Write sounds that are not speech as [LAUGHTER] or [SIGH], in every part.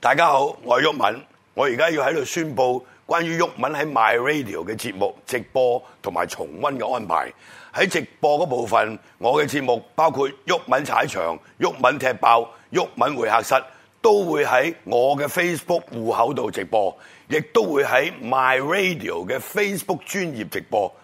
大家好，我係毓民，我而家要喺度宣佈關於毓民喺 My Radio 嘅節目直播同埋重溫嘅安排。喺直播嗰部分，我嘅節目包括毓民踩場、毓民踢爆、毓民會客室，都會喺我嘅 Facebook 戶口度直播，亦都會喺 My Radio 嘅 Facebook 專頁直播。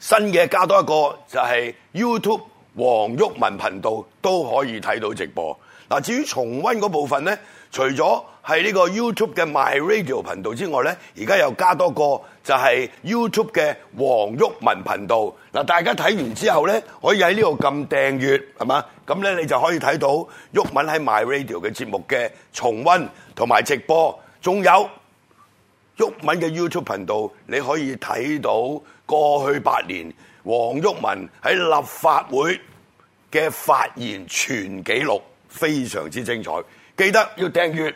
新嘅加多一個就係、是、YouTube 黃毓民頻道都可以睇到直播。嗱，至於重溫嗰部分呢？除咗係呢個 YouTube 嘅 My Radio 頻道之外咧，而家又加多個就係 YouTube 嘅黃毓民頻道。嗱，大家睇完之後咧，可以喺呢度撳訂閱係嘛？咁咧你就可以睇到毓民喺 My Radio 嘅節目嘅重温同埋直播，仲有毓民嘅 YouTube 頻道，你可以睇到過去八年黃毓民喺立法會嘅發言全記錄。非常之精彩，記得要訂閱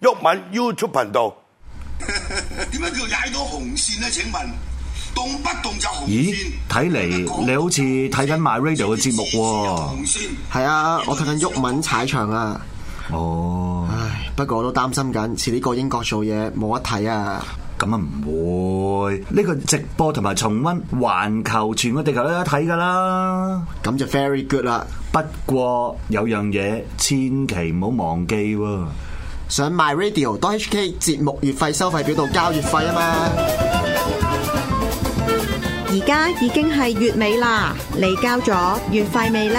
毓民 YouTube 頻道。點解 [MUSIC] 叫踩到紅線呢？請問動不動就紅線？咦，睇嚟你好似睇緊 My Radio 嘅節目喎。係啊，我睇緊毓民踩場啊。哦，唉，不過我都擔心緊，遲啲過英國做嘢冇得睇啊。咁啊唔會，呢個直播同埋重溫，環球，全個地球都有睇㗎啦。咁就 very good 啦。不過有樣嘢千祈唔好忘記喎，上 MyRadio.HK 節目月費收費表度交月費啊嘛。而家已經係月尾啦，你交咗月費未呢？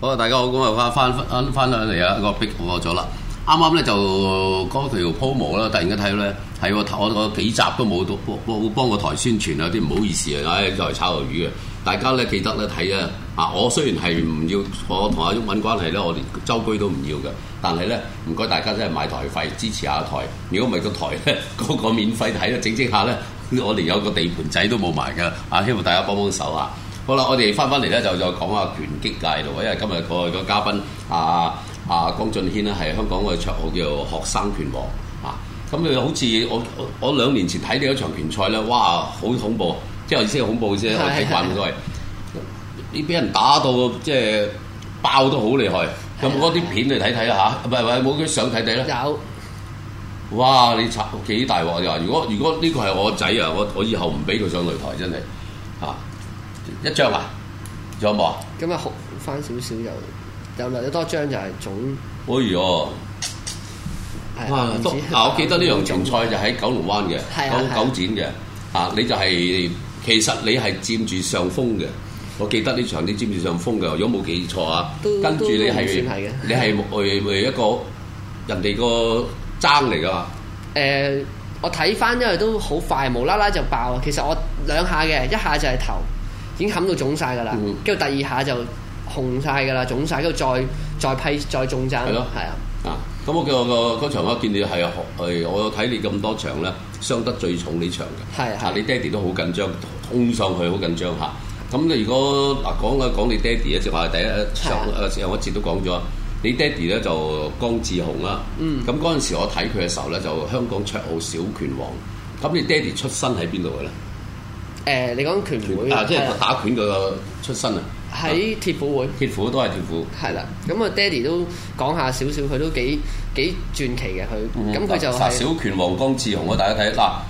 好啊！大家好，我今日翻翻翻翻嚟啊，一個逼我咗啦。啱啱咧就嗰條 promo 啦，omo，突然間睇到咧，係我我，我幾集都冇到。我我幫個台宣傳啊，有啲唔好意思啊，唉，又係炒魷魚嘅。大家咧記得咧睇啊！啊，我雖然係唔要我同阿旭揾關係咧，我連周居都唔要嘅，但係咧唔該大家真係買台費支持下台。如果唔係個台咧，嗰 [LAUGHS] 個免費睇咧，整隻下咧，我連有個地盤仔都冇埋嘅啊！希望大家幫幫手啊！好啦，我哋翻翻嚟咧，就再講下拳擊界度，因為今日個個嘉賓啊、啊江俊軒咧，係香港嘅綽號叫做學生拳王啊！咁、嗯、你好似我我我兩年前睇你一場拳賽咧，哇！好恐怖，即係意思係恐怖啫。是的 我睇慣咗係，啲俾是的 人打到即係、就是、爆都好厲害。咁我啲片你睇睇吓，唔係唔係冇啲相睇睇咧？有，有哇！你插幾大鑊嘅？如果如果呢個係我仔啊，我我以後唔俾佢上擂台真係吓。啊一張啊，有冇啊？咁啊，好翻少少又又落咗多張，就係總。哎呀，係啊，嗱，我記得呢場球賽就喺九龍灣嘅九九展嘅啊，你就係其實你係佔住上風嘅。我記得呢場你佔住上風嘅，如果冇記錯啊。跟住你算係嘅。你係外一個人哋個爭嚟㗎嘛？誒，我睇翻因為都好快，無啦啦就爆。其實我兩下嘅，一下就係頭。已經冚到腫晒㗎啦，跟住、嗯、第二下就紅晒㗎啦，腫晒，跟住再再批再中針。係咯的，係的啊。啊，咁我個個場我見你係，係我睇你咁多場咧，傷得最重呢場嘅。係。啊，你爹哋都好緊張，衝上去好緊張嚇。咁你如果嗱講啊講你爹哋咧，直話第一場誒上的、啊、一節都講咗，你爹哋咧就江志雄啦。嗯。咁嗰陣時我睇佢嘅時候咧，就香港綽號小拳王。咁你爹哋出身喺邊度嘅咧？誒、呃，你講拳會拳啊，即係打拳嗰個出身啊！喺鐵虎會，鐵虎都係鐵虎。係啦，咁啊，爹哋都講下少少，佢都幾幾傳奇嘅佢。咁佢、嗯、就係、小拳王江志雄，啊，大家睇嗱、啊，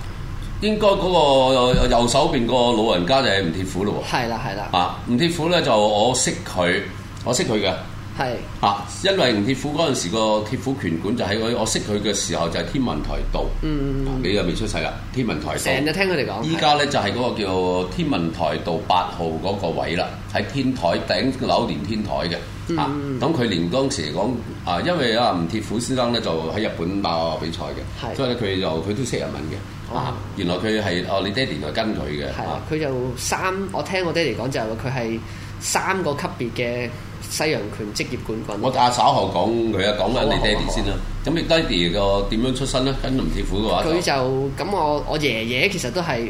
應該嗰個右手邊個老人家就係吳鐵虎咯喎。係啦，係啦。啊，吳鐵虎咧就我識佢，我識佢嘅。係是啊，因為吳鐵虎嗰陣時個鐵虎拳館就喺、是、我我識佢嘅時候就係天文台道，嗯嗯嗯，啊、你又未出世啦，天文台道。成日聽佢哋講。依家咧就係、是、嗰個叫天文台道八號嗰個位啦，喺是天台頂樓連天台嘅，嗯、啊，咁佢連當時嚟講啊，因為啊吳鐵虎先生咧就喺日本打比賽嘅，是所以咧佢就佢都識日文嘅，啊，原來佢係哦你爹哋又跟佢嘅，係佢就三，我聽我爹哋講就係佢係三個級別嘅。西洋拳職業冠軍。我阿稍後講佢啊？講緊、啊啊啊、你爹哋先啦。咁你爹哋個點樣出身咧？跟林志虎嘅話，佢就咁我我爺爺其實都係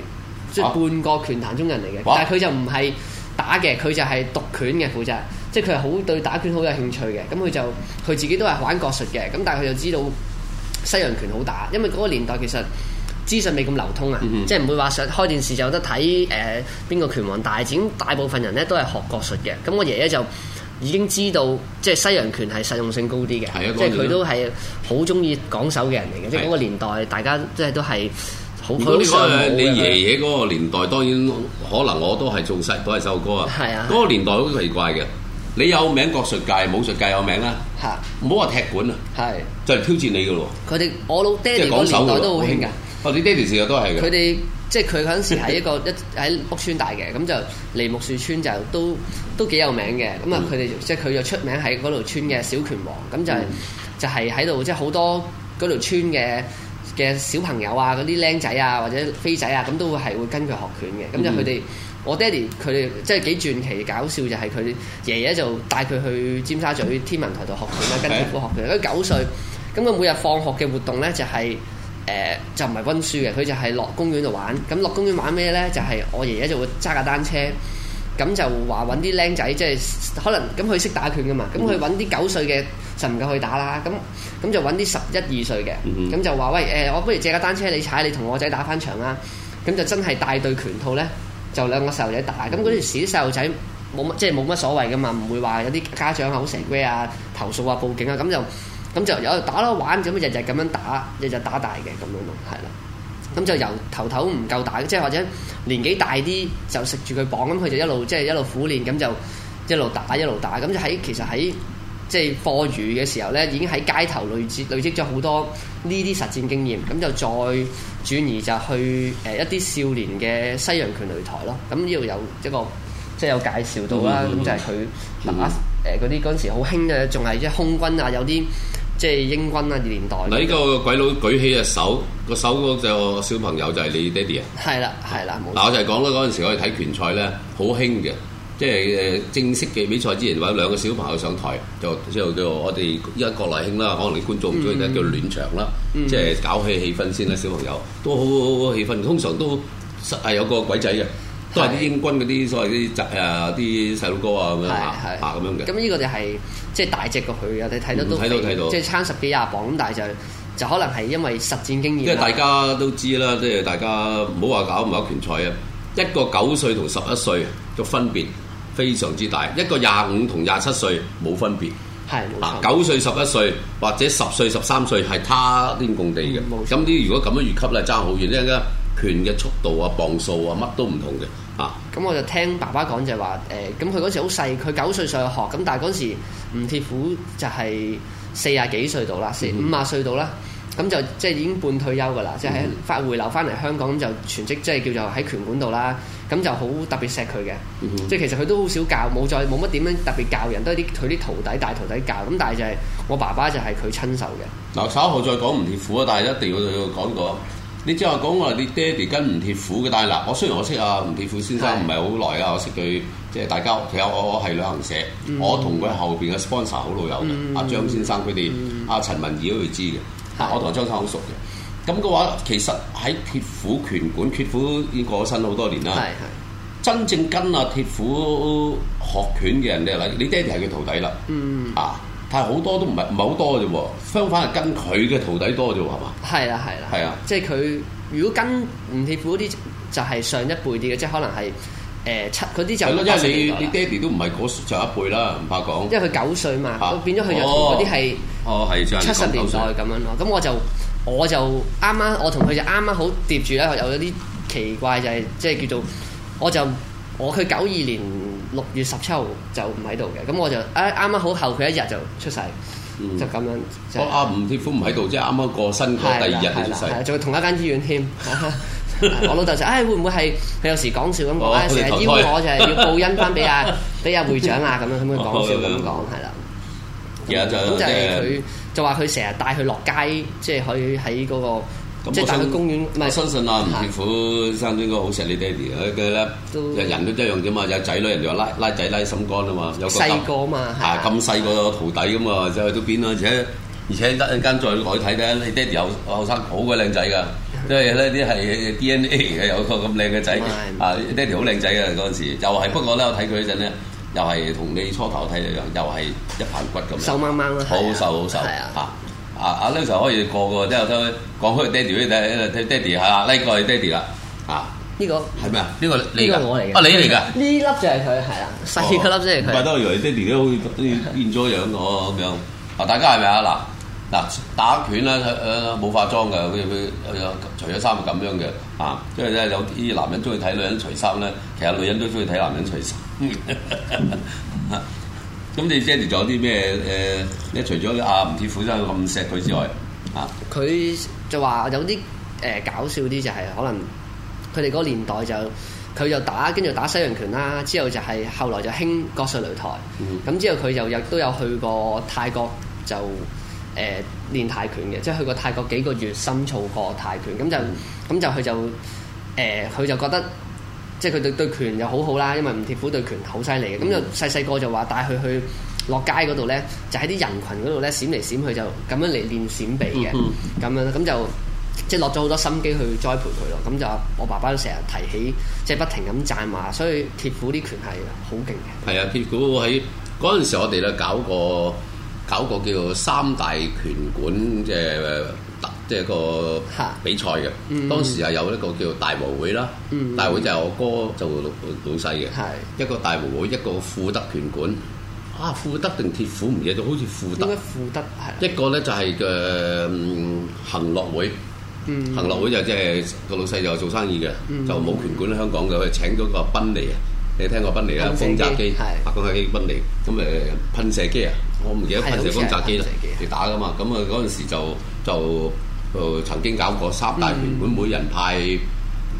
即係半個拳壇中人嚟嘅，啊、但係佢就唔係打嘅，佢就係讀拳嘅負責，即係佢係好對打拳好有興趣嘅。咁佢就佢自己都係玩國術嘅，咁但係佢就知道西洋拳好打，因為嗰個年代其實資訊未咁流通啊，即係唔會話想開電視就有得睇誒邊個拳王大展，大部分人咧都係學國術嘅。咁我爺爺就。已經知道即係西洋拳係實用性高啲嘅，的即係佢都係好中意講手嘅人嚟嘅，的即係嗰個年代大家即係都係好。如果你講你爺爺嗰個年代，當然可能我都係做細都係收歌啊。係啊的，嗰個年代好奇怪嘅，你有名國術界、武術界有名啦，唔好話踢館啊，係的就嚟挑戰你嘅咯。佢哋我老爹年嗰個年代都好興㗎。哦，你爹哋時代都係嘅。佢哋。嗯即係佢嗰陣時喺一個一喺屋村大嘅，咁就梨木樹村就都都幾有名嘅。咁啊，佢哋、嗯、即係佢就出名喺嗰條村嘅小拳王，咁就、嗯、就係喺度，即係好多嗰條村嘅嘅小朋友啊，嗰啲僆仔啊或者飛仔啊，咁都會係會跟佢學拳嘅。咁就佢哋、嗯、我爹哋佢哋即係幾傳奇搞笑，就係佢爺爺就帶佢去尖沙咀天文台度學拳啦，跟住佢學拳。佢是的 九歲，咁佢每日放學嘅活動咧就係、是。就是誒就唔係溫書嘅，佢就係落公園度玩。咁落公園玩咩咧？就係、是、我爺爺就會揸架單車，咁就話揾啲僆仔，即係可能咁佢識打拳噶嘛，咁佢揾啲九歲嘅就唔夠佢打啦，咁咁就揾啲十一二歲嘅，咁就話喂，誒、欸，我不如借架單車你踩，你同我仔打翻場啦。咁就真係帶對拳套咧，就兩個細路仔打。咁嗰陣時啲細路仔冇乜，即係冇乜所謂噶嘛，唔會話有啲家長好成威啊，投訴啊，報警啊，咁就。咁就有打咯，玩咁，日日咁樣打，日日打大嘅，咁樣咯，係啦，咁就由頭頭唔夠大，即係或者年紀大啲就食住佢綁，咁佢就一路即係、就是、一路苦練，咁就一路打一路打，咁就喺其實喺即係課餘嘅時候咧已經喺街頭累積累積咗好多呢啲實戰經驗，咁就再轉移就去誒、呃、一啲少年嘅西洋拳擂台咯，咁呢度有一個即係、就是、有介紹到啦，咁、嗯嗯、就係佢打誒嗰啲嗰陣時好興嘅仲係即係空軍啊有啲。即係英軍啊年代。嗱，呢個鬼佬舉起隻手，個手嗰隻小朋友就係你爹哋啊。係啦，係啦。嗱，我就係講啦。嗰陣時，我哋睇拳賽咧，好興嘅。即係正式嘅比賽之前，揾兩個小朋友上台，就之後叫我哋依家國內興啦，可能你觀眾唔中意，就叫暖場啦。即係搞起氣氛先啦，小朋友、嗯、都好，好好好氣氛。通常都實係有個鬼仔嘅。英軍嗰啲所謂啲雜啲細佬哥啊咁、啊啊啊、樣啊咁樣嘅。咁呢個就係即係大隻過佢嘅，你睇到睇到睇到。即係差十幾廿磅咁，但係就就可能係因為實戰經驗。因為大家都知啦，即係 [MUSIC] 大家唔好話搞唔搞拳賽啊！一個九歲同十一歲嘅分別非常之大，一個廿五同廿七歲冇分別。係。嗱， [MUSIC] 九歲十一歲或者十歲十三歲係差天共地嘅。冇、嗯。咁啲、嗯、如果咁樣越級咧爭好遠，因為拳嘅速度啊、磅數啊乜都唔同嘅。啊！咁我就聽爸爸講就係話，誒、呃，咁佢嗰時好細，佢九歲上去學，咁但係嗰時吳鐵虎就係四啊幾歲度啦，四五啊歲度啦，咁就即係已經半退休㗎啦，即係喺回流翻嚟香港，就全職即係叫做喺拳館度啦，咁就好特別錫佢嘅，即係、嗯嗯、其實佢都好少教，冇再冇乜點樣特別教人，都係啲佢啲徒弟大徒弟教，咁但係就係、是、我爸爸就係佢親手嘅。嗱，稍後再講吳鐵虎啊，但係一定要對佢講過。你即係講我話你爹哋跟吳鐵虎嘅，但係嗱，我雖然我識阿吳鐵虎先生唔係好耐啊，我識佢即係大家，其實我我係旅行社，嗯、我同佢後邊嘅 sponsor 好老友，阿、嗯啊、張先生佢哋，阿、嗯啊、陳文義都會知嘅，的我同阿張生好熟嘅。咁嘅話，其實喺鐵虎拳館，鐵虎已經過咗身好多年啦。係係的，真正跟阿鐵虎學拳嘅人，你又例如你爹哋係佢徒弟啦。嗯啊。但係好多都唔係唔係好多啫喎，相反係跟佢嘅徒弟多啫喎，係嘛？係啦，係啦，係啊！啊啊即係佢如果跟吳鐵虎嗰啲，就係、係、上一輩啲嘅，即係可能係誒、呃、七啲就係因為你你爹哋都唔係嗰就一輩啦，唔怕講。因為佢九歲嘛，啊、變咗佢又嗰啲係哦，係七十年代咁樣咯。咁我就我就啱啱我同佢就啱啱好疊住咧，有咗啲奇怪就係即係叫做我就我佢九二年，六月十七號就唔喺度嘅，咁、嗯、我就啊啱啱好後佢一日就出世，就咁樣。我阿吳鐵夫唔喺度，即係啱啱過身第二日出世，仲要同一間醫院添。 [LAUGHS] 我老豆就誒、哎、會唔會係佢有時講笑咁講，成日邀我就係要報恩翻俾阿俾阿會長啊咁樣咁樣講笑咁講，係啦、 [LAUGHS] 啊。而家就咁、是、樣就係、是、佢就話佢成日帶佢落街，即係可以喺嗰個。即係帶去公園，唔係相信啊，吳師傅生應該好錫你爹哋佢咧，人人都一樣啫嘛。有仔女，人哋話拉拉仔拉心肝啊嘛。有細個嘛，啊咁細個徒弟咁啊，就去到邊啦。而且而且得陣間再去睇睇，你爹哋後後生好鬼靚仔噶，即係呢啲係 DNA 有個咁靚嘅仔啊，爹哋好靚仔噶嗰陣時，又係不過咧，我睇佢嗰陣咧，又係同你初頭睇一樣，又係一排骨咁，瘦掹掹好瘦好瘦，嚇。啊！阿 l a n c 可以過個，個，即係都講開爹哋睇睇爹哋呢個係爹哋啦，啊呢、這個係咩啊？呢、這個你嘅，啊你嚟㗎？呢、這、粒、個這個、就係佢，係啦、哦，細個粒即係佢。唔係都係爹哋都好似好似變咗樣咁樣。啊，大家係咪啊？嗱嗱，打拳啦，冇、呃、化妝㗎，佢佢除咗衫係咁樣嘅啊。因為咧有啲男人中意睇女人除衫咧，其實女人都中意睇男人除衫。嗯 [LAUGHS] [LAUGHS] 咁你 share 咗啲咩？誒、呃，咧除咗阿、啊、吳鐵虎真係咁錫佢之外，啊，佢就話有啲誒、呃、搞笑啲就係、是、可能佢哋嗰個年代就佢就打跟住打西洋拳啦，之後就係、是、後來就興國術擂台，咁、嗯、之後佢就又都有去過泰國就誒、呃、練泰拳嘅，即、就、係、是、去過泰國幾個月深造過泰拳，咁就咁就佢就誒佢、呃、就覺得。即係佢對對拳又好好啦，因為吳鐵虎對拳好犀利嘅，咁就細細個就話帶佢去落街嗰度咧，就喺啲人群嗰度咧閃嚟閃去就咁樣嚟練閃避嘅，嗯哼，咁樣咁就即係落咗好多心機去栽培佢咯。咁就我爸爸都成日提起，即係不停咁讚話，所以鐵虎啲拳係好勁嘅。係啊，鐵虎喺嗰陣時我，我哋咧搞過，搞過叫做三大拳館嘅。即即係個比賽嘅，當時係有一個叫大無會啦，大會就係我哥做老老細嘅，一個大無會，一個富德拳館，啊富德定鐵虎唔記得，好似富德。富德係？一個咧就係嘅恆樂會，恆樂會就即係個老細就做生意嘅，就冇拳館，香港嘅佢請咗個賓利啊，你聽過賓利啦？轟炸機係百公斤嘅賓利咁，誒噴射機啊，我唔記得噴射轟炸機啦，嚟打㗎嘛。咁啊嗰陣時就就。就曾經搞過三大拳館，每人派誒、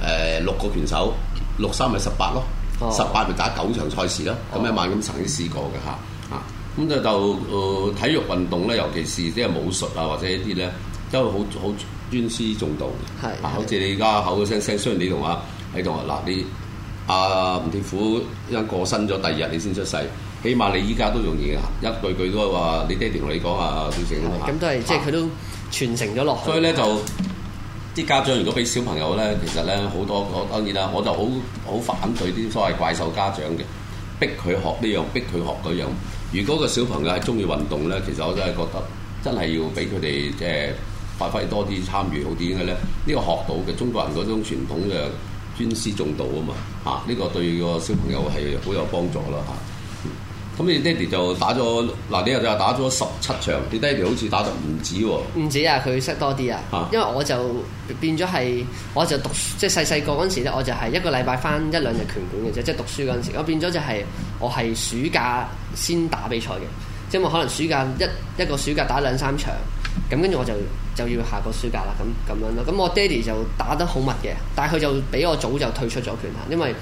呃、六個拳手，六三咪十八咯，哦、十八咪打九場賽事咯。咁、哦、一晚咁曾經試過嘅嚇啊！咁就就誒體育運動咧，尤其是即係武術啊或者一啲咧，都好好尊師重道嘅。係啊，好似你而家口口聲聲，雖然你同阿喺度啊，嗱你阿、啊、吳鐵虎一陣過身咗，第二日你先出世，起碼你依家都容易嘅，一句句都係話你，你爹哋同你講啊，小成咁都係即係佢都。啊啊啊傳承咗落去，所以咧就啲家長如果俾小朋友咧，其實咧好多個當然啦，我就好好反對啲所謂怪獸家長嘅，逼佢學呢樣，逼佢學嗰樣。如果個小朋友係中意運動咧，其實我真係覺得真係要俾佢哋即係發揮多啲參與好啲嘅咧。呢個學到嘅中國人嗰種傳統嘅尊師重道啊嘛，啊呢個對個小朋友係好有幫助啦嚇。啊咁你爹哋就打咗嗱，你又話打咗十七場，你爹哋好似打得唔止喎。唔止啊，佢識多啲啊。啊因為我就變咗係，我就讀即係細細個嗰陣時咧，我就係一個禮拜翻一兩日拳館嘅啫，即係讀書嗰陣時。我變咗就係我係暑假先打比賽嘅，即係我可能暑假一一個暑假打兩三場，咁跟住我就就要下個暑假啦，咁咁樣咯。咁我爹哋就打得好密嘅，但係佢就比我早就退出咗拳壇，因為。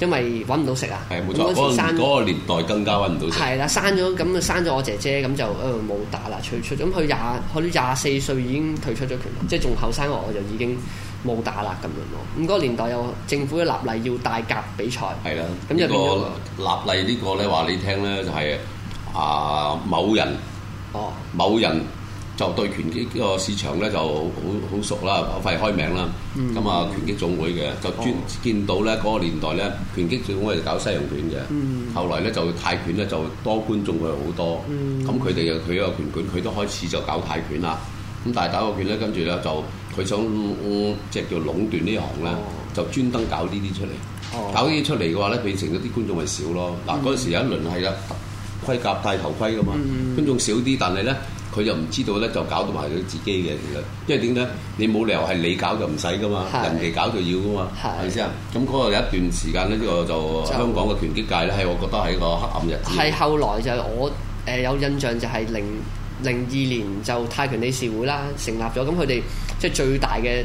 因為揾唔到食啊！冇錯，嗰個年代更加揾唔到食。係啦，生咗咁啊，生咗我姐姐咁就誒冇打啦。退出咗佢廿佢廿四歲已經退出咗拳壇，即係仲後生我，我就已經冇打啦咁樣咯。咁、那、嗰個年代又政府嘅立例要大格比賽，係啦的。咁個立例呢個咧話你聽咧就係啊某人哦某人。哦某人就對拳擊個市場咧就好好熟啦，費開名啦，咁啊、mm. 拳擊總會嘅就專、oh. 見到咧嗰個年代咧拳擊總會就搞西洋拳嘅，mm. 後來咧就泰拳咧就多觀眾去好多，咁佢哋又佢一個拳館，佢都開始就搞泰拳啦，咁但係打個拳咧，跟住咧就佢想即係、嗯嗯、叫壟斷呢行咧，oh. 就專登搞呢啲出嚟，oh. 搞呢啲出嚟嘅話咧，變成咗啲觀眾咪少咯，嗱嗰陣時有一輪係啊盔甲戴頭盔噶嘛，mm. 觀眾少啲，但係咧。佢就唔知道咧，就搞到埋咗自己嘅，其實，因為點解你冇理由係你搞就唔使㗎嘛，的人哋搞就要㗎嘛，係咪先？咁嗰個有一段時間咧，呢的個就香港嘅拳擊界咧，係就我覺得係一個黑暗日子。係後來就係我誒、呃、有印象就係零零二年就泰拳理事會啦成立咗，咁佢哋即係最大嘅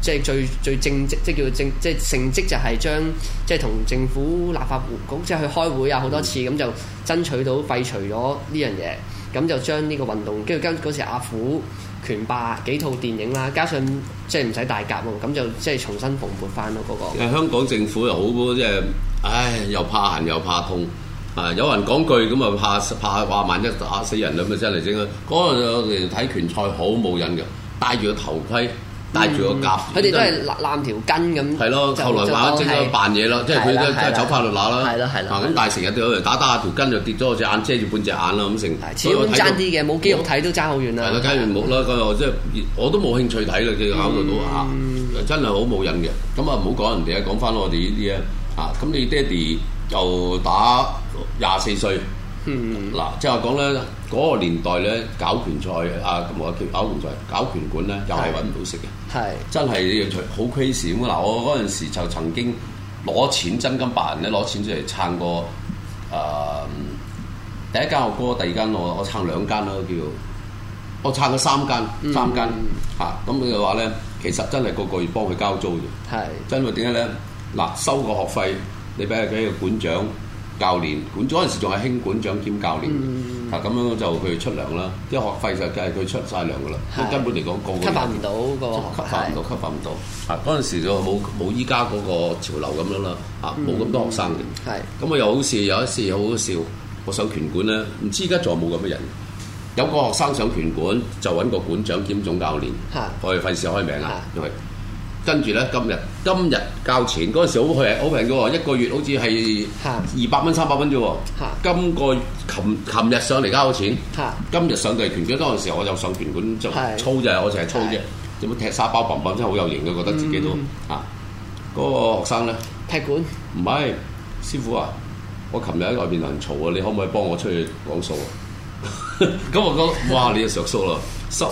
即係最最政績，即、就、係、是、叫政即係成績，就係將即係同政府立法局，即、就、係、是、去開會啊好多次，咁就、嗯、爭取到廢除咗呢樣嘢。咁就將呢個運動，跟住跟嗰時阿虎拳霸幾套電影啦，加上即係唔使大夾喎，咁就即係重新蓬勃翻咯嗰個。香港政府又好即係，唉，又怕痕又怕痛啊！有人講句咁啊，怕怕話萬一打死人咁咪真係嚟整啊！嗰、那個我哋睇拳賽好冇癮嘅，戴住個頭盔。戴住個夾，佢哋都係攬攬條筋咁。係咯，後來慢慢整咗扮嘢啦，即係佢咧走翻落那啦。嗱咁大成日都有人打打下條筋就跌咗隻眼，遮住半隻眼啦。咁成，所以我睇到冇肌肉睇都爭好遠啦。係咯，假如冇啦，咁我即係我都冇興趣睇啦。佢考慮到吓，真係好冇癮嘅。咁啊，唔好講人哋啊，講翻我哋呢啲啊。啊，咁你爹哋又打廿四歲，嗱，即係話講咧，嗰個年代咧搞拳賽啊，冇叫搞拳賽，搞拳館咧又係揾唔到食嘅。係，是真係好 case 咁。嗱，我嗰陣時就曾經攞錢真金白銀咧攞錢出嚟撐過誒、呃、第一間我哥，第二間我我撐兩間啦。叫，我撐咗三間、嗯、三間嚇，咁嘅話咧其實真係個個月幫佢交租啫，是真係點解咧？嗱、啊，收個學費你俾佢俾個館長。教練管，嗰陣時仲係輕管長兼教練，嗱咁樣就去出糧啦，啲學費就梗係佢出晒糧噶啦，根本嚟講個個吸唔到個，吸發唔到吸發唔到，嗰陣時就冇冇依家嗰個潮流咁樣啦，嚇冇咁多學生嘅，咁我又好似有一次好好笑，我上拳館咧，唔知而家仲有冇咁嘅人，有個學生上拳館就揾個管長兼總教練，我係費事開名啊，因為。跟住咧，今日今日交錢嗰陣時好平，好平嘅喎，一個月好似係二百蚊、三百蚊啫喎。的今個琴琴日上嚟交錢，的今日上到拳館嘅嗰陣時，我就上拳館就操啫，的我成日操啫，做乜的踢沙包棒棒，真係好有型嘅，覺得自己都、嗯、啊嗰、嗰個學生咧踢館唔係師傅啊，我琴日喺外邊同人嘈啊，你可唔可以幫我出去講數啊？咁我覺，哇！你又着數啦，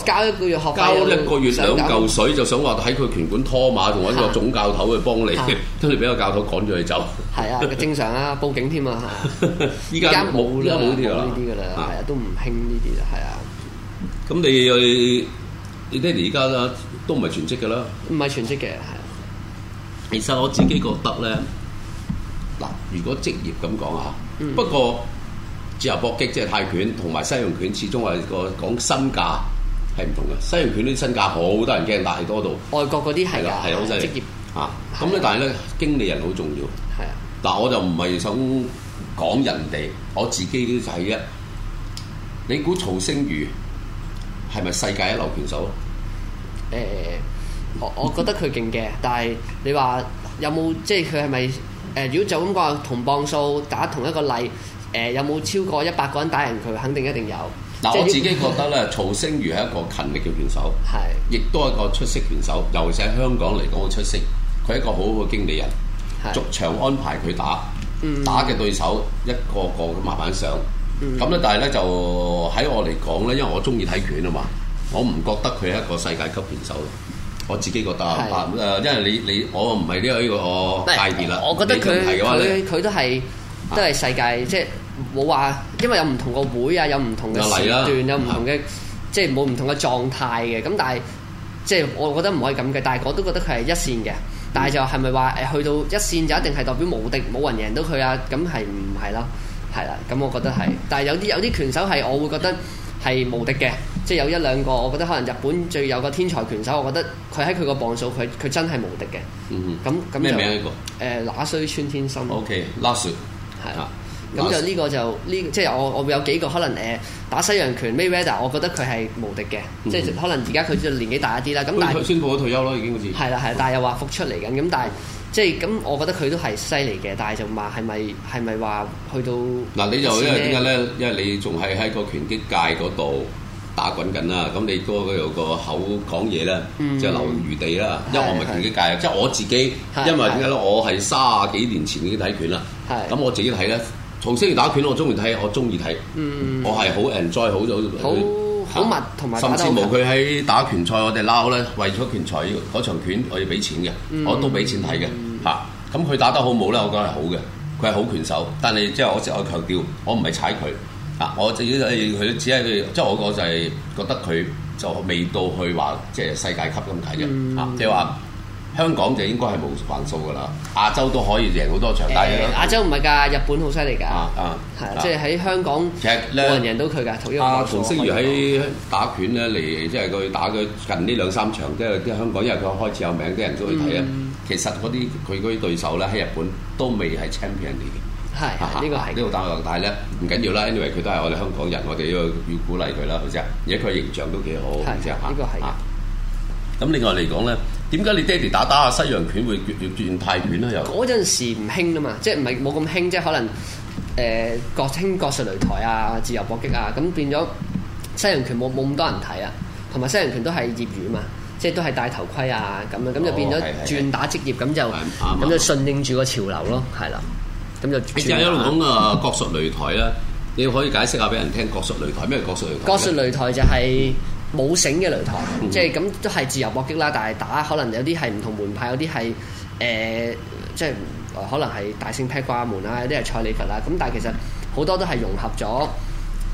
交一個月，交一個月兩嚿水，就想話喺佢拳館拖馬，同揾個總教頭去幫你，跟住俾個教頭趕咗你走。係啊，正常啊，報警添啊。依家冇啦，冇呢啲噶啦，係啊，都唔興呢啲啦，係啊。咁你，你爹哋而家都唔係全職噶啦。唔係全職嘅，係。其實我自己覺得咧，嗱，如果職業咁講啊，不過。自由搏擊即係泰拳同埋西洋拳，始終係個講身價係唔同嘅。西洋拳啲身價好多人驚，但係多到外國嗰啲係啦，係好職業啊！咁咧業，但係咧，經理人好重要。係啊的，嗱，我就唔係想講人哋，我自己都睇嘅。你估曹星如係咪世界一流拳手？誒、欸，我我覺得佢勁嘅，嗯、但係你話有冇即係佢係咪誒？如果就咁講，同磅數打同一個例。誒有冇超過一百個人打贏佢？肯定一定有。嗱，我自己覺得咧，曹星如係一個勤力嘅拳手，係，亦都係一個出色拳手，尤其是喺香港嚟講嘅出色。佢係一個好好嘅經理人，逐場安排佢打，打嘅對手一個個咁慢慢上。咁咧，但係咧就喺我嚟講咧，因為我中意睇拳啊嘛，我唔覺得佢係一個世界級拳手。我自己覺得，因為你你我唔係呢個呢個界別啦。我覺得佢佢都係都係世界即係。冇話，因為有唔同個會啊，有唔同嘅時段，有唔同嘅是的 即係冇唔同嘅狀態嘅。咁但係即係我覺得唔可以咁嘅。但係我都覺得佢係一線嘅。嗯、但係就係咪話誒去到一線就一定係代表無敵冇人贏到佢啊？咁係唔係咯？係啦。咁我覺得係。但係有啲有啲拳手係我會覺得係無敵嘅。即、就、係、是、有一兩個，我覺得可能日本最有個天才拳手，我覺得佢喺佢個磅數，佢佢真係無敵嘅。嗯嗯。咁咁咩名呢個？誒、呃，那須川天心。O K. 那須係啊。咁就呢個就呢，即係我我會有幾個可能誒打西洋拳 Mayweather，我覺得佢係無敵嘅，即係可能而家佢就年紀大一啲啦。咁但係佢宣布咗退休咯，已經好似。係啦係，但係又話復出嚟緊。咁但係即係咁，我覺得佢都係犀利嘅。但係就話係咪係咪話去到嗱？你就因為點解咧？因為你仲係喺個拳擊界嗰度打滾緊啦。咁你多佢有個口講嘢咧，就留餘地啦。因為我唔係拳擊界嘅，即係我自己。因為點解咧？我係卅幾年前已經睇拳啦。咁我自己睇咧。曹星如打拳，我中意睇，我中意睇，嗯、我係好 enjoy，好咗好。好，好密同埋甚至乎佢喺打拳賽，我哋撈咧，為咗拳賽要嗰場拳，我要俾錢嘅，嗯、我都俾錢睇嘅，嚇、嗯。咁佢、嗯嗯、打得好冇咧，我覺得係好嘅，佢係好拳手。但係即係我成日強調，我唔係踩佢，啊、嗯，我只係佢只佢，即係我個就係覺得佢就未到去話即係世界級咁睇嘅，啊、嗯嗯，即係話。香港就應該係無還手㗎啦，亞洲都可以贏好多場，但係亞洲唔係㗎，日本好犀利㗎。啊啊，即係喺香港冇人贏到佢㗎。啊，曹星如喺打拳咧嚟，即係佢打佢近呢兩三場，即係啲香港，因為佢開始有名，啲人都會睇啊。其實嗰啲佢嗰啲對手咧喺日本都未係 champion 嚟嘅。係，呢個係。呢個打但係咧唔緊要啦，因為佢都係我哋香港人，我哋要鼓勵佢啦，好，姐。而且佢形象都幾好，呢個係。咁另外嚟講咧。點解你爹哋打打下西洋拳會越轉泰拳咧？又嗰陣時唔興啊嘛，即係唔係冇咁興，即係可能誒、呃、國興國術擂台啊、自由搏擊啊，咁變咗西洋拳冇冇咁多人睇啊，同埋西洋拳都係業餘啊嘛，即係都係戴頭盔啊咁樣，咁就、哦、變咗轉打職業，咁就咁就順應住個潮流咯，係啦，咁、嗯、就你而家一路講啊國術擂台啦，你可以解釋下俾人聽國術擂台咩係國術擂台？國術擂台就係、是。冇繩嘅擂台，嗯、即係咁都係自由搏擊啦。但係打可能有啲係唔同門派，有啲係誒，即係、呃、可能係大聖劈掛門啊，有啲係蔡李佛啊。咁但係其實好多都係融合咗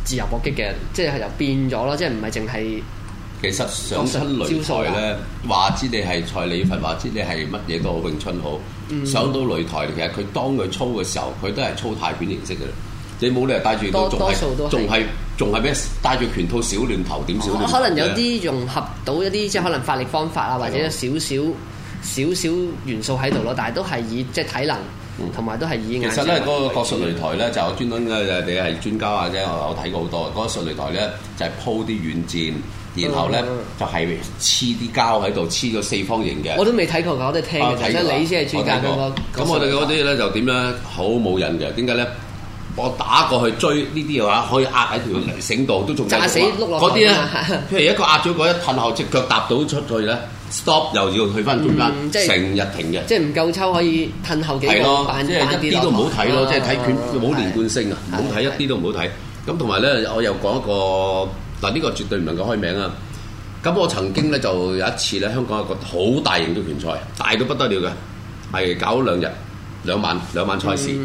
自由搏擊嘅，即係又變咗咯。即係唔係淨係其實上出擂台咧，話知你係蔡李佛，話知、嗯、你係乜嘢都好，詠春好。上、嗯、到擂台，其實佢當佢操嘅時候，佢都係操泰拳形式嘅。你冇理由帶住多，多數都仲係。仲係咩？帶住拳套小亂頭點小可能有啲融合到一啲，即係可能發力方法啊，或者有少少少少元素喺度咯，但係都係以即係體能，同埋都係以。其實咧，嗰、那個角術擂台咧就專登嘅，你係專家啊啫！我睇過好多嗰、那個術擂台咧，就係、是、鋪啲軟墊，然後咧、嗯嗯嗯、就係黐啲膠喺度，黐咗四方形嘅。我都未睇過，我都係聽嘅。或者、啊、你先係專家。咁我哋嗰啲咧就點咧？好冇癮嘅，點解咧？我打過去追呢啲嘅話，可以壓喺條繩度都仲有啲。扎死碌落去嗰啲咧，譬如一個壓咗嗰一褪後，隻腳踏到出去咧，stop 又要去返中間，成日停嘅。即係唔夠抽可以褪後幾板，即係一啲都唔好睇咯。即係睇拳，冇連貫性啊，唔好睇一啲都唔好睇。咁同埋咧，我又講一個嗱，呢個絕對唔能夠開名啊。咁我曾經咧就有一次咧，香港有一個好大型嘅拳賽，大到不得了嘅，係搞兩日兩晚兩晚賽事。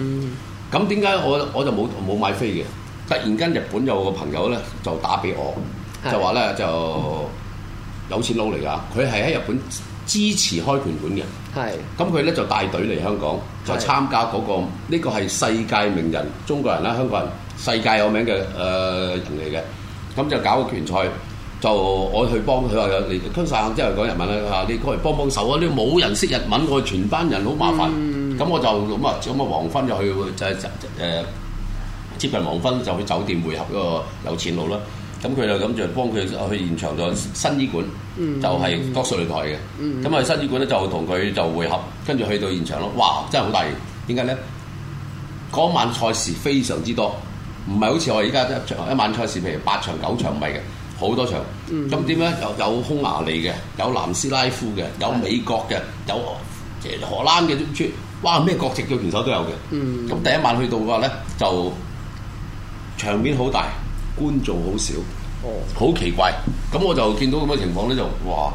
咁點解我我就冇冇買飛嘅？突然間日本有個朋友咧就打俾我，是的 就話咧就有錢佬嚟㗎！佢係喺日本支持開拳館嘅，咁佢咧就帶隊嚟香港，就參加嗰、嗰個呢是的 個係世界名人，中國人啦、香港人，世界有名嘅誒人嚟嘅，咁就搞個拳賽。就我去幫佢話有嚟，晒省即係講日文啦，你過來幫幫手啊！你冇人識日文，我全班人好麻煩。咁、嗯、我就咁啊，咁啊，黃昏就去就誒、呃、接近黃昏就去酒店匯合嗰個有錢佬啦。咁佢就咁就幫佢去現場咗新醫館，嗯、就係骨術擂台嘅。咁啊，嗯嗯、新醫館咧就同佢就匯合，跟住去到現場咯。哇！真係好大型，點解咧？嗰晚賽事非常之多，唔係好似我而家一場一晚賽事譬如八場九場唔係嘅。好多場，咁點咧？有有匈牙利嘅，有南斯拉夫嘅，有美國嘅，的有荷荷蘭嘅都出，哇！咩國籍嘅拳手都有嘅。咁、嗯、第一晚去到嘅話咧，就場面好大，觀眾好少，好、哦、奇怪。咁我就見到咁嘅情況咧，就哇，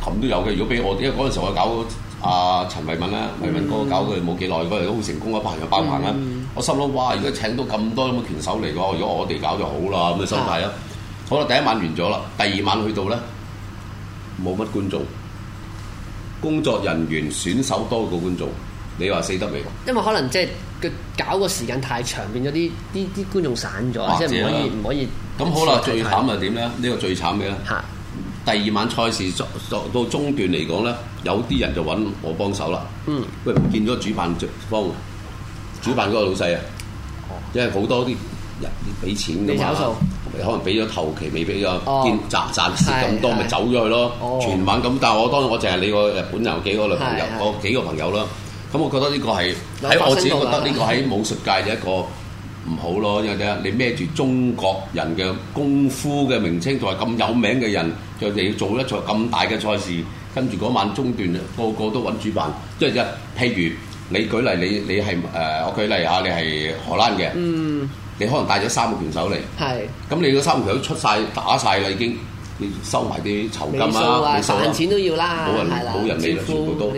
咁都，都有嘅。如果俾我，因為嗰陣時我搞阿、啊、陳維敏咧，維敏、嗯、哥搞佢冇幾耐，嗰陣都好成功一排又爆棚啦。嗯、我心諗：哇！如果請到咁多咁嘅拳手嚟嘅話，如果我哋搞就好啦，咁咪收大咯。嗯好啦，第一晚完咗啦，第二晚去到咧，冇乜觀眾，工作人員選手多過觀眾。你話死得未？因為可能即係佢搞個時間太長，變咗啲啲啲觀眾散咗，啊、即係唔可以唔可以。咁好啦，最慘又點咧？呢、這個最慘嘅咧？的第二晚賽事到到中段嚟講咧，有啲人就揾我幫手啦。嗯，喂，見咗主辦方，主辦嗰個老細啊，因為好多啲人俾錢嘅嘛。可能俾咗頭期未俾個見賺賺蝕咁多，咪走咗去咯。哦、全晚咁，但係我當然我淨係你個日本友記，幾個女朋友，我幾個朋友咯。咁我覺得呢個係喺我自己覺得呢個喺武術界就一個唔好咯，因為你孭住中國人嘅功夫嘅名稱，就係咁有名嘅人，就嚟要做一場咁大嘅賽事，跟住嗰晚中斷，個個都揾主辦。即係譬如你舉例，你你係誒、呃，我舉例下，你係荷蘭嘅。嗯。你可能帶咗三個拳手嚟，係咁是、嗯、你嗰三個三拳手出晒，打晒啦，已經你收埋啲酬金啦，你收，收，收錢要人的都要啦，冇人冇人理啦，全部都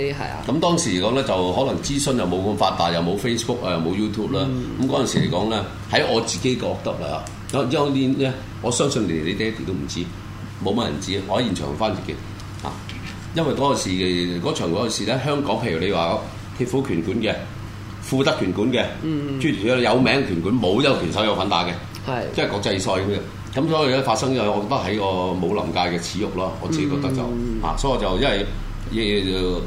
咁當時嚟講咧，就可能資訊又冇咁發達，又冇 Facebook 又冇 YouTube 啦，咁嗰陣時嚟講咧，喺我自己覺得啦，幼年咧，我相信連你爹哋都唔知，冇乜人知，我喺現場翻自己，嚇，因為嗰陣時嗰場嗰時咧，香港譬如你話鐵虎拳館嘅。富德拳館嘅，專做、mm hmm. 有名拳館，冇一個拳手有份打嘅，是即係國際賽咁樣。咁所以咧，發生咗，我覺得喺個武林界嘅恥辱咯，我自己覺得就、mm hmm. 啊，所以我就因為，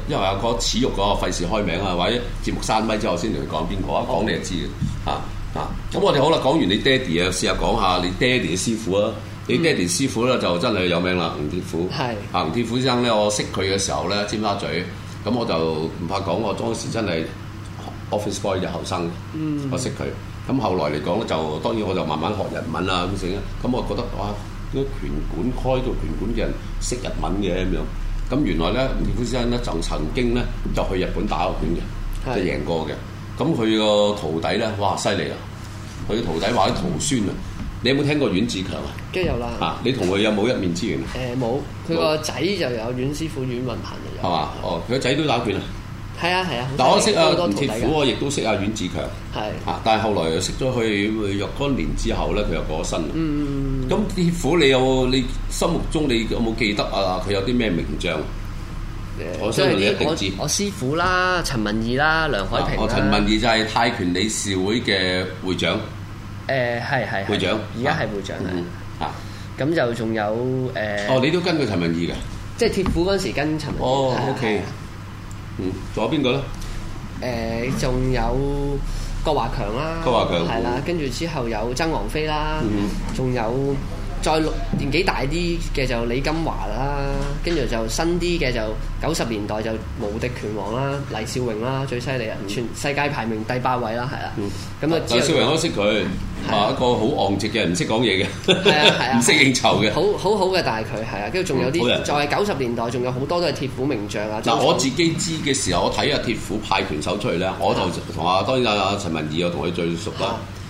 因為阿哥恥辱個費事開名啊，或者節目三米之後先嚟講邊個，一講你又知嘅。啊啊，咁我哋好啦，講完你爹哋啊，試下講下你爹哋嘅師傅啊。你爹哋師傅咧就真係有名啦，吳鐵虎。係、hmm.。吳鐵虎先生咧，我識佢嘅時候咧，尖沙咀，咁我就唔怕講，我當時真係。Office boy 就後生，嗯、我識佢。咁後來嚟講咧，就當然我就慢慢學日文啦咁剩。咁我覺得哇，啲拳館開到拳館嘅人識日文嘅咁樣。咁原來咧，阮師傅先生咧就曾經咧就去日本打過拳嘅，即係贏過嘅。咁佢個徒弟咧，哇，犀利啊！佢徒弟話啲徒孫有有啊，你有冇聽過阮志強啊？梗有啦。啊，你同佢有冇一面之緣啊？誒、呃，冇。佢個仔就有，阮師傅、阮文鵬嚟。有。係嘛、啊？哦，佢個仔都打拳啊！係啊係啊，但我識啊，吳鐵虎我亦都識阿阮志強，係嚇，但係後來又識咗佢若干年之後咧，佢又過咗身啦。咁鐵虎，你有你心目中你有冇記得啊？佢有啲咩名將？我相信你一定知。我師傅啦，陳文義啦，梁海平啦。陳文義就係泰拳理事會嘅會長。誒，係係。會長。而家係會長嚟。嚇。咁就仲有誒。哦，你都跟佢陳文義㗎。即係鐵虎嗰陣時跟陳文義。OK 仲有邊個咧？誒，仲有郭華強啦，郭華強係啦，跟住之後有曾王菲啦，嗯，仲有。再年紀大啲嘅就李金華啦，跟住就新啲嘅就九十年代就無敵拳王啦，黎少榮啦，最犀利啊，全世界排名第八位啦，係啊、嗯，咁啊黎少榮我都識佢，係的、啊、一個 [LAUGHS] 好昂直嘅人，唔識講嘢嘅，啊，唔識應酬嘅，好好好嘅，但係佢係啊，跟住仲有啲，嗯、再係九十年代仲有好多都係鐵虎名將啊。嗱、嗯、我自己知嘅時候，我睇下鐵虎派拳手出嚟咧，我就同啊、嗯、當然啊陳文義又同佢最熟啦。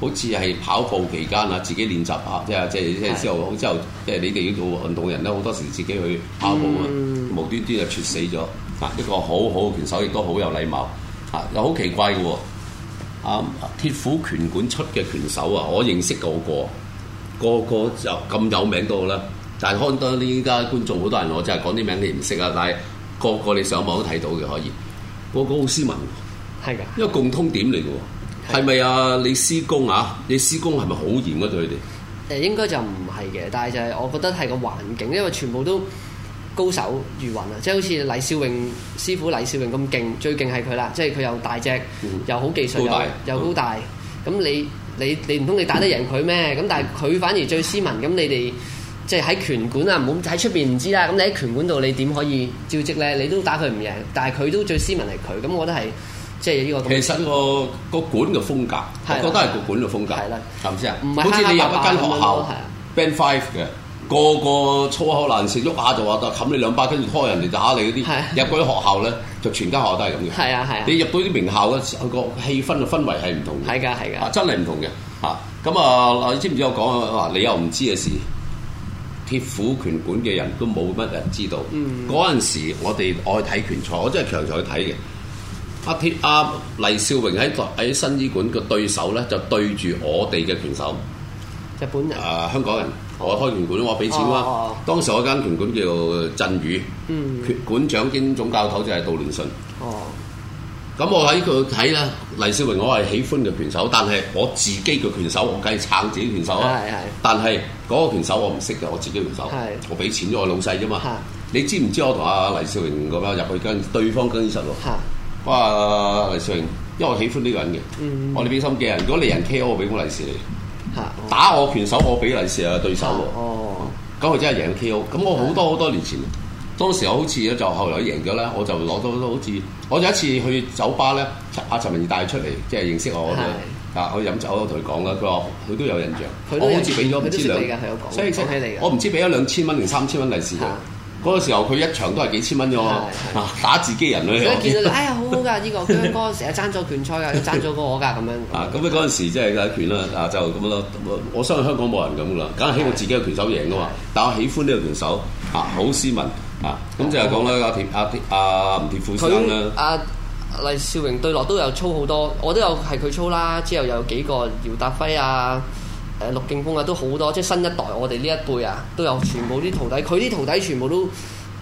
好似係跑步期間啊，自己練習下，即係即係之後，的之後，即係你哋呢啲做運動人咧，好多時自己去跑步啊，嗯、無端端就猝死咗啊！一個好好嘅拳手，亦都好有禮貌啊！又好奇怪嘅喎，啊！鐵虎拳館出嘅拳手啊，我認識個個，個個就咁有名都好啦。但係看多呢家觀眾好多人，我真係講啲名你唔識啊，但係個個你上網都睇到嘅，可以個個好斯文，係㗎，因為共通點嚟嘅喎。的係咪啊？你施工啊？你施工係咪好嚴啊？對佢哋？誒應該就唔係嘅，但係就係我覺得係個環境，因為全部都高手如雲啊！即係好似黎少榮師傅，黎少榮咁勁，最勁係佢啦。即係佢又大隻，又好技術，高大，又，又高大。咁，嗯，你你你唔通你打得贏佢咩？咁但係佢反而最斯文。咁你哋即係喺拳館啊，唔好喺出邊唔知啦。咁你喺拳館度，你點可以照職咧？你都打佢唔贏，但係佢都最斯文係佢。咁我覺得係。即係呢個。其實個個館嘅風格，我覺得係個館嘅風格，係咪？知啊。好似你入一間學校，唔係黑黑白白咁樣咯。Band Five 嘅個個粗口爛舌，喐下就話就冚你兩巴，跟住拖人哋打你嗰啲。入嗰啲學校咧，就全家學校都係咁嘅。係啊係啊。你入到啲名校咧，個氣氛嘅氛圍係唔同嘅。係㗎係㗎，真係唔同嘅嚇。咁啊，你知唔知我講話、啊、你又唔知嘅事？鐵虎拳館嘅人都冇乜人知道、嗯。嗰陣時我哋我睇拳賽，我真係拳賽去睇嘅。阿鐵阿黎少榮喺喺新醫館嘅對手咧，就對住我哋嘅拳手。日本人啊，香港人，我開拳館，我俾錢嘛。當時我間拳館叫振宇，拳館長兼總教頭就係杜連信。哦，咁我喺度睇啦，黎少榮我係喜歡嘅拳手，但係我自己嘅拳手我梗係撐自己拳手啦。係係。但係嗰個拳手我唔識嘅，我自己拳手。係。我俾錢咗我老細啫嘛。你知唔知我同阿黎少榮嗰班入去間對方更衣室喎？嚇！我黎少榮，因為我喜歡呢個人嘅，我哋俾心機人，如果你贏 KO，我俾封利是你。嚇！打我拳手，我俾利是啊對手喎。哦，咁佢真係贏 KO。咁我好多好多年前，當時我好似咧，就後來贏咗咧，我就攞到好似，我有一次去酒吧咧，阿陳文義帶佢出嚟，即係認識我嘅。啊，去飲酒我同佢講啦，佢話佢都有印象。佢好似俾咗。佢都係俾嘅，係我起嚟，我唔知俾咗兩千蚊定三千蚊利是啊。嗰個時候佢一場都係幾千蚊啫嘛，打自己人咯。佢見到 [LAUGHS] 哎呀好好㗎，呢、呢個姜哥成日爭咗拳賽㗎，爭咗 [LAUGHS] 過我㗎咁樣， [LAUGHS] 樣。啊，咁啊嗰時即係一拳啦，啊就咁咯。我我相信香港冇人咁噶啦，梗係希望自己嘅拳手贏㗎嘛。但係我喜歡呢個拳手，啊好斯文啊，咁就係講咧阿阿阿吳鐵富生啦。阿、啊、黎少榮對落都有操好多，我都有係佢操啦，之後有幾個姚達輝啊。誒、呃、陸鏡楓啊，都好多，即係新一代，我哋呢一輩啊，都有全部啲徒弟，佢啲徒弟全部都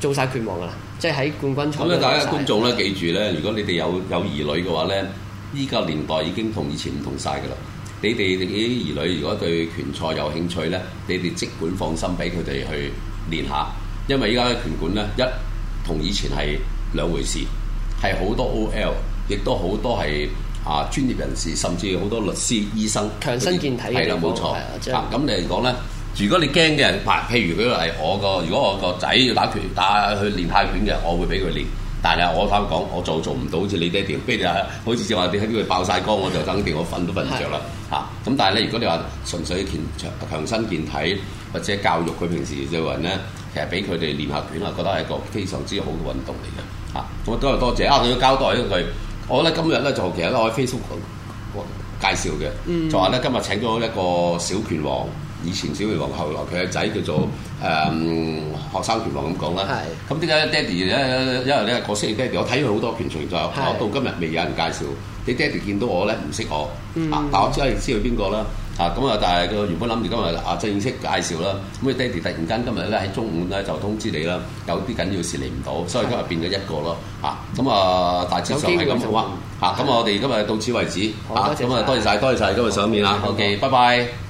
做晒拳王㗎啦，即係喺冠軍賽。咁大家觀眾咧，的記住咧，如果你哋有有兒女嘅話咧，依個年代已經同以前唔同晒㗎啦。你哋啲兒女如果對拳賽有興趣咧，你哋即管放心俾佢哋去練下，因為依家嘅拳館咧，一同以前係兩回事，係好多 O L，亦都好多係。啊，專業人士甚至好多律師、醫生，強身健體嘅，係啦們，冇的錯。咁你嚟講咧，如果你驚嘅人，譬如佢係我個，如果我個仔要打拳、打去練泰拳嘅，我會俾佢練。但係我反講，我做做唔到，好似你爹哋，不如好似就話你喺邊度爆晒光，我就等邊，我瞓都瞓唔着啦。嚇！咁但係咧，如果你話純粹健長、強身健體或者教育佢平時做人咧，其實俾佢哋練下拳啊，覺得係一個非常之好嘅運動嚟嘅。嚇、啊！咁啊，多謝啊，佢要交代一句。啊啊我咧今日咧就其實咧我喺 Facebook 介紹嘅，嗯、就話咧今日請咗一個小拳王，以前小拳王後來佢嘅仔叫做誒、呃、學生拳王咁講啦。咁點解爹哋咧因為咧我識你爹哋，我睇佢好多拳賽，但、就、係、是、我到今日未有人介紹。是你爹哋見到我咧唔識我，嗯、啊，但我知我知佢邊個啦。啊，咁啊，但係個原本諗住今日啊正式介紹啦，咁、啊、你爹哋突然間今日咧喺中午咧就通知你啦，有啲緊要事嚟唔到，所以今日變咗一個咯。啊，咁啊，大致上係咁機好啊。的啊，咁我哋今日到此為止啊，咁啊，多謝晒，多謝晒今日賞面啊。OK，bye。